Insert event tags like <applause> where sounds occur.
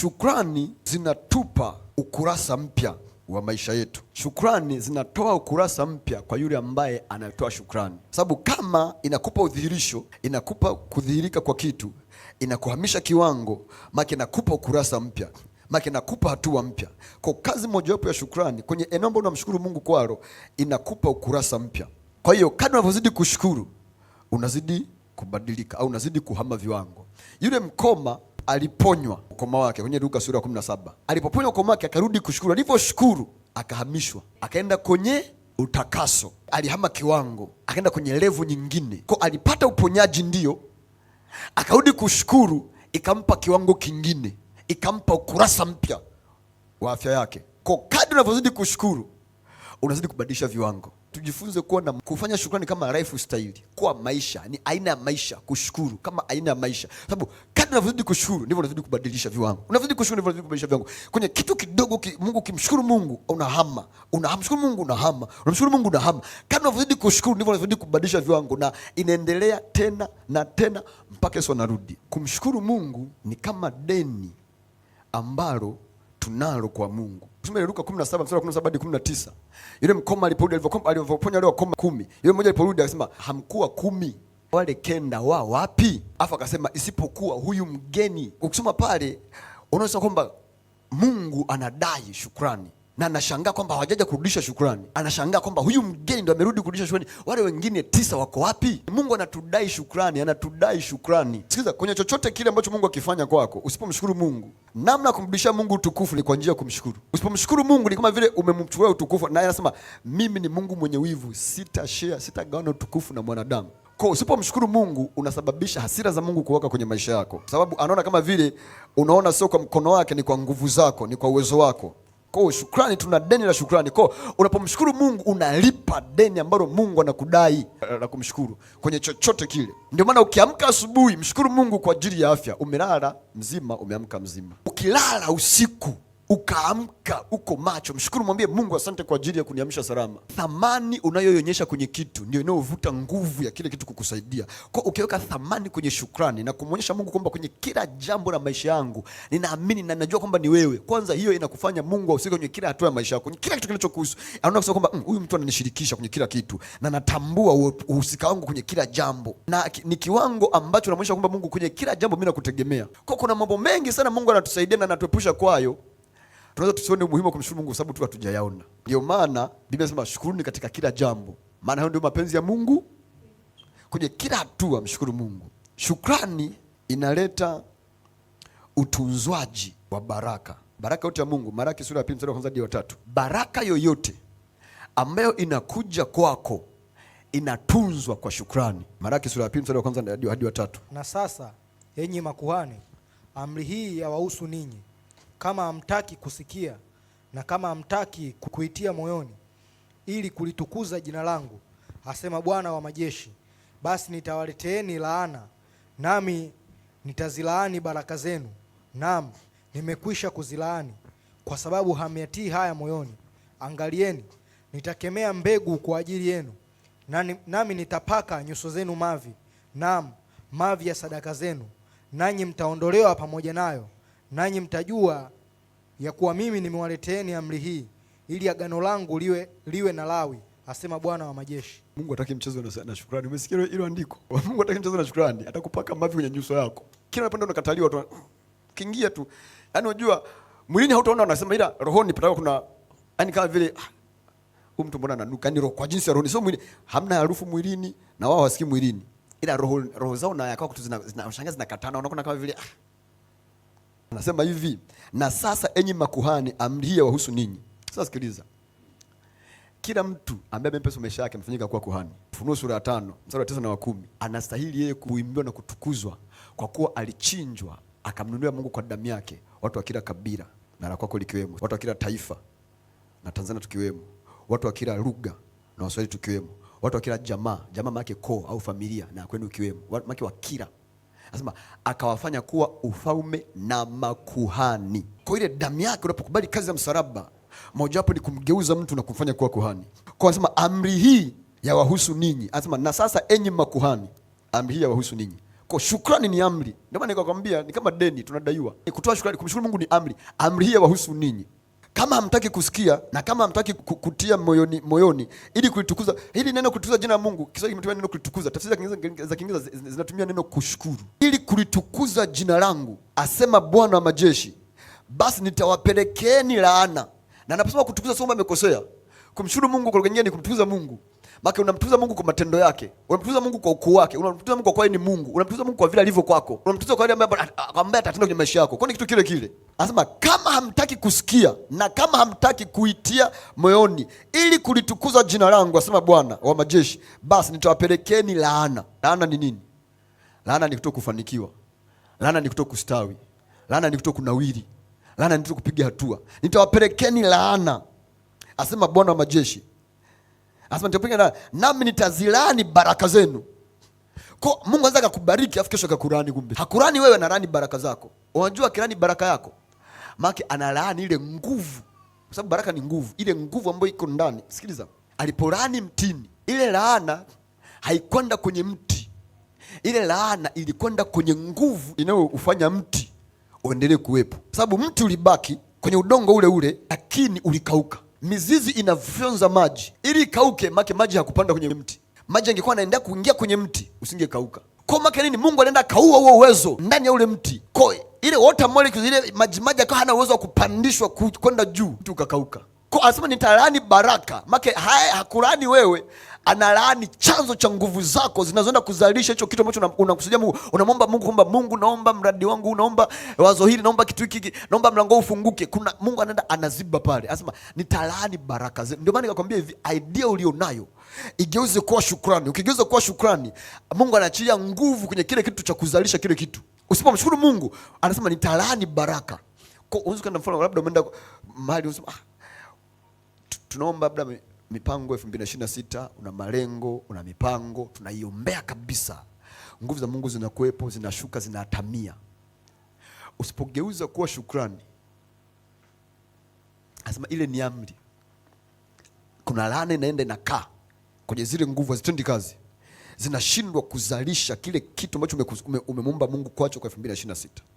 Shukrani zinatupa ukurasa mpya wa maisha yetu. Shukrani zinatoa ukurasa mpya kwa yule ambaye anatoa shukrani, sababu kama inakupa udhihirisho, inakupa kudhihirika kwa kitu, inakuhamisha kiwango, make inakupa ukurasa mpya, make nakupa hatua mpya. Kwa kazi mojawapo ya shukrani kwenye eneo ambalo unamshukuru Mungu kwalo, inakupa ukurasa mpya. Kwa hiyo kadri unavyozidi kushukuru, unazidi kubadilika au unazidi kuhama viwango. Yule mkoma aliponywa ukoma wake kwenye Luka sura ya 17. Alipoponywa ukoma wake akarudi kushukuru, alivyoshukuru akahamishwa akaenda kwenye utakaso, alihama kiwango akaenda kwenye levu nyingine. Kwa alipata uponyaji ndio, akarudi kushukuru, ikampa kiwango kingine, ikampa ukurasa mpya wa afya yake. Kwa kadri unavyozidi kushukuru, unazidi kubadilisha viwango tujifunze kuwa na kufanya shukrani kama lifestyle, kwa maisha ni aina ya maisha. Kushukuru kama aina ya maisha, sababu kadri unavyozidi kushukuru ndivyo unazidi kubadilisha viwango, unavyozidi kushukuru ndivyo unazidi kubadilisha viwango. Kwenye kitu kidogo ki, Mungu kimshukuru Mungu unahama, unamshukuru Mungu unahama, unamshukuru Mungu unahama. Kadri unavyozidi kushukuru ndivyo unazidi kubadilisha viwango, na inaendelea tena na tena mpaka Yesu anarudi. Kumshukuru Mungu ni kama deni ambalo tunalo kwa Mungu. Tusome Luka 17 mstari wa 17 hadi 19. Yule mkoma aliporudi alivyokomba alivyoponya wale wakoma kumi. Yule mmoja aliporudi akasema hamkuwa kumi wale kenda wa wapi? Afa akasema isipokuwa huyu mgeni. Ukisoma pale unaona kwamba Mungu anadai shukrani na anashangaa kwamba hawajaja kurudisha shukrani. Anashangaa kwamba huyu mgeni ndo amerudi kurudisha shukrani, wale wengine tisa wako wapi? Mungu anatudai shukrani, anatudai shukrani. Sikiza, kwenye chochote kile ambacho Mungu akifanya kwako, usipomshukuru Mungu, namna ya kumrudishia Mungu utukufu ni kwa njia ya kumshukuru. Usipomshukuru Mungu ni kama vile umemchukua utukufu, naye anasema mimi ni Mungu mwenye wivu, sitashea, sitagawana utukufu na mwanadamu. Kwa usipomshukuru Mungu unasababisha hasira za Mungu kuwaka kwenye maisha yako, sababu anaona kama vile unaona sio kwa mkono wake, ni kwa nguvu zako, ni kwa uwezo wako kwa shukrani, tuna deni la shukrani. Kwa unapomshukuru Mungu unalipa deni ambalo Mungu anakudai eh, la kumshukuru kwenye chochote kile. Ndio maana ukiamka asubuhi, mshukuru Mungu kwa ajili ya afya. Umelala mzima, umeamka mzima. Ukilala usiku ukaamka uko macho, mshukuru, mwambie Mungu asante kwa ajili ya kuniamsha salama. Thamani unayoionyesha kwenye kitu ndio inayovuta nguvu ya kile kitu kukusaidia. Kwa ukiweka thamani kwenye shukrani na kumwonyesha Mungu kwamba kwenye kila jambo la maisha yangu ninaamini na ninajua kwamba ni wewe kwanza, hiyo inakufanya Mungu ahusike kwenye kila hatua ya maisha yako, kila kitu kinachokuhusu. Anaona kusema kwamba mm, huyu mtu ananishirikisha kwenye kila kitu na natambua uhusika wangu kwenye kila jambo, na ni kiwango ambacho namwonyesha kwamba Mungu, kwenye kila jambo mimi nakutegemea. Kwa kuna mambo mengi sana Mungu anatusaidia na anatuepusha kwayo tunaweza tusione umuhimu wa kumshukuru Mungu sababu tu hatujayaona. Ndio maana Biblia inasema shukuruni katika kila jambo, maana hayo ndio mapenzi ya Mungu kwenye kila hatua, mshukuru Mungu. Shukrani inaleta utunzwaji wa baraka, baraka yote ya Mungu. Maraki sura ya pili mstari wa kwanza hadi wa tatu. Baraka yoyote ambayo inakuja kwako inatunzwa kwa shukrani. Maraki sura ya pili mstari wa kwanza hadi wa tatu. Na sasa, enyi makuhani, amri hii yawahusu ninyi kama hamtaki kusikia na kama hamtaki kuitia moyoni ili kulitukuza jina langu, asema Bwana wa majeshi, basi nitawaleteeni laana, nami nitazilaani baraka zenu, naam, nimekwisha kuzilaani, kwa sababu hamyatii haya moyoni. Angalieni, nitakemea mbegu kwa ajili yenu, nami nitapaka nyuso zenu mavi, naam, mavi ya sadaka zenu, nanyi mtaondolewa pamoja nayo nanyi mtajua ya kuwa mimi nimewaleteeni amri hii, ili agano langu liwe, liwe na Lawi, asema Bwana wa majeshi. Mungu hataki mchezo na, na shukrani. Umesikia hilo andiko? <laughs> Mungu hataki mchezo na shukrani, atakupaka mavi kwenye nyuso yako. Kila napenda unakataliwa tu, <clears throat> kiingia tu, yaani unajua mwilini hautaona unasema, ila rohoni pataka kuna yaani kama vile ah, huyu mtu mbona ananuka, yaani kwa jinsi ya roho, sio mwili. Hamna harufu mwilini na wao hawasikii mwilini, ila roho roho zao na yakao kutu zina zinakatana, wanaona kama vile ah Anasema hivi, na sasa enyi makuhani, amri hii yawahusu ninyi. Sasa sikiliza, kila mtu ambaye amempesa maisha yake amefanyika kuwa kuhani. Ufunuo sura ya tano mstari wa tisa na wa kumi anastahili yeye kuimbiwa na kutukuzwa kwa kuwa alichinjwa akamnunulia Mungu kwa damu yake watu wa kila kabila na la kwako likiwemo, watu wa kila taifa na Tanzania tukiwemo, watu wa kila lugha na Waswahili tukiwemo, watu wa kila jamaa jamaa make koo au familia na kwenu ukiwemo, make wa kila Anasema akawafanya kuwa ufalme na makuhani. Kwa ile damu yake, unapokubali kazi ya msalaba, mojawapo ni kumgeuza mtu na kumfanya kuwa kuhani. Kwa anasema amri hii yawahusu ninyi, anasema na sasa, enyi makuhani, amri hii yawahusu ninyi. Kwa shukrani ni amri, ndio maana nikakwambia ni kama deni tunadaiwa. Kutoa shukrani, kumshukuru Mungu ni amri. Amri hii yawahusu ninyi. Kama hamtaki kusikia na kama hamtaki kutia moyoni, moyoni ili kulitukuza hili neno, kulitukuza jina la Mungu. Kiswahili kimetumia neno kulitukuza, tafsiri za Kiingereza zinatumia neno kushukuru. Ili kulitukuza jina langu, asema Bwana wa majeshi, basi nitawapelekeeni laana. Na anaposema kutukuza, sio kwamba amekosea. Kumshukuru Mungu kwa lugha nyingine ni kumtukuza Mungu. Maana unamtuza Mungu kwa matendo yake, unamtuza Mungu kwa ukuu wake, unamtuza Mungu kwa kuwa ni Mungu, unamtuza Mungu kwa vile alivyo kwako, unamtuza kwa yale ambaye atatenda kwenye maisha yako. Kwa ni kitu kile kile. Anasema kama hamtaki kusikia na kama hamtaki kuitia moyoni ili kulitukuza jina langu, asema Bwana wa majeshi, basi nitawapelekeni laana. Laana ni nini? Laana ni kutokufanikiwa. Laana ni kutokustawi. Laana ni kutokunawiri. Laana ni kutokupiga hatua. Nitawapelekeni laana, asema Bwana wa majeshi. Asema nitapiga na nami nitazilani baraka zenu. Kwa Mungu anaweza kukubariki afu kesho akakurani kumbe. Hakurani wewe anarani baraka zako. Unajua kirani baraka yako. Maana analaani ile nguvu. Kwa sababu baraka ni nguvu. Ile nguvu ambayo iko ndani. Sikiliza. Aliporani mtini, ile laana haikwenda kwenye mti. Ile laana ilikwenda kwenye nguvu inayofanya mti uendelee kuwepo. Sababu mti ulibaki kwenye udongo ule ule, lakini ulikauka mizizi inafyonza maji ili ikauke, make maji hakupanda kwenye mti. Maji angekuwa anaenda kuingia kwenye mti usingekauka. Kwa make nini? Mungu anaenda kaua huo uwezo ndani ya ule mti, kwa ile water molecule, ile maji maji akawa hana uwezo wa kupandishwa kwenda juu, mti ukakauka. Kwa anasema nitalaani baraka, make haya hakulani wewe analaani chanzo cha nguvu zako zinazoenda kuzalisha hicho kitu ambacho unakusudia Mungu. Unamwomba Mungu kwamba Mungu, naomba mradi wangu, naomba wazo hili, naomba kitu hiki, naomba mlango ufunguke. Kuna Mungu anaenda anaziba pale, anasema nitalaani baraka zenu. Ndio maana nikakwambia hivi, idea ulionayo igeuze kuwa shukrani. Ukigeuza kuwa shukrani, Mungu anaachilia nguvu kwenye kile kitu cha kuzalisha kile kitu. Usipomshukuru Mungu, anasema nitalaani baraka. Kwa unaweza kwenda mfano, labda umeenda mahali unasema ah, tunaomba labda mipango 2026 una malengo, una mipango, tunaiombea kabisa. Nguvu za Mungu zinakuwepo, zinashuka, zinatamia. Usipogeuza kuwa shukrani, asema ile ni amri, kuna laana inaenda inakaa kwenye zile nguvu, hazitendi kazi, zinashindwa kuzalisha kile kitu ambacho umemuumba Mungu kwacho kwa 2026.